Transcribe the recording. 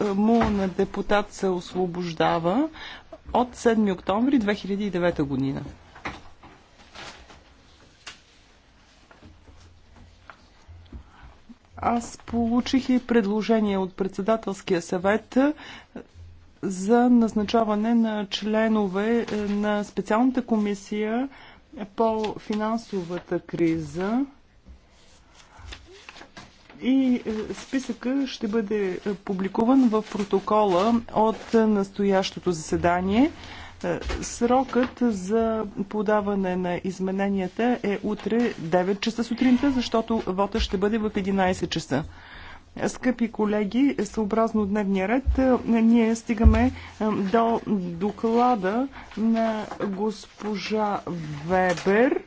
му на депутат се освобождава от 7 октомври 2009 година. Аз получих и предложение от председателския съвет е, за назначаване на членове е, на специалната комисия по финансовата криза и е, списъка ще бъде е, публикуван в протокола от е, настоящото заседание. Срокът за подаване на измененията е утре 9 часа сутринта, защото вота ще бъде в 11 часа. Скъпи колеги, съобразно дневния ред, ние стигаме до доклада на госпожа Вебер.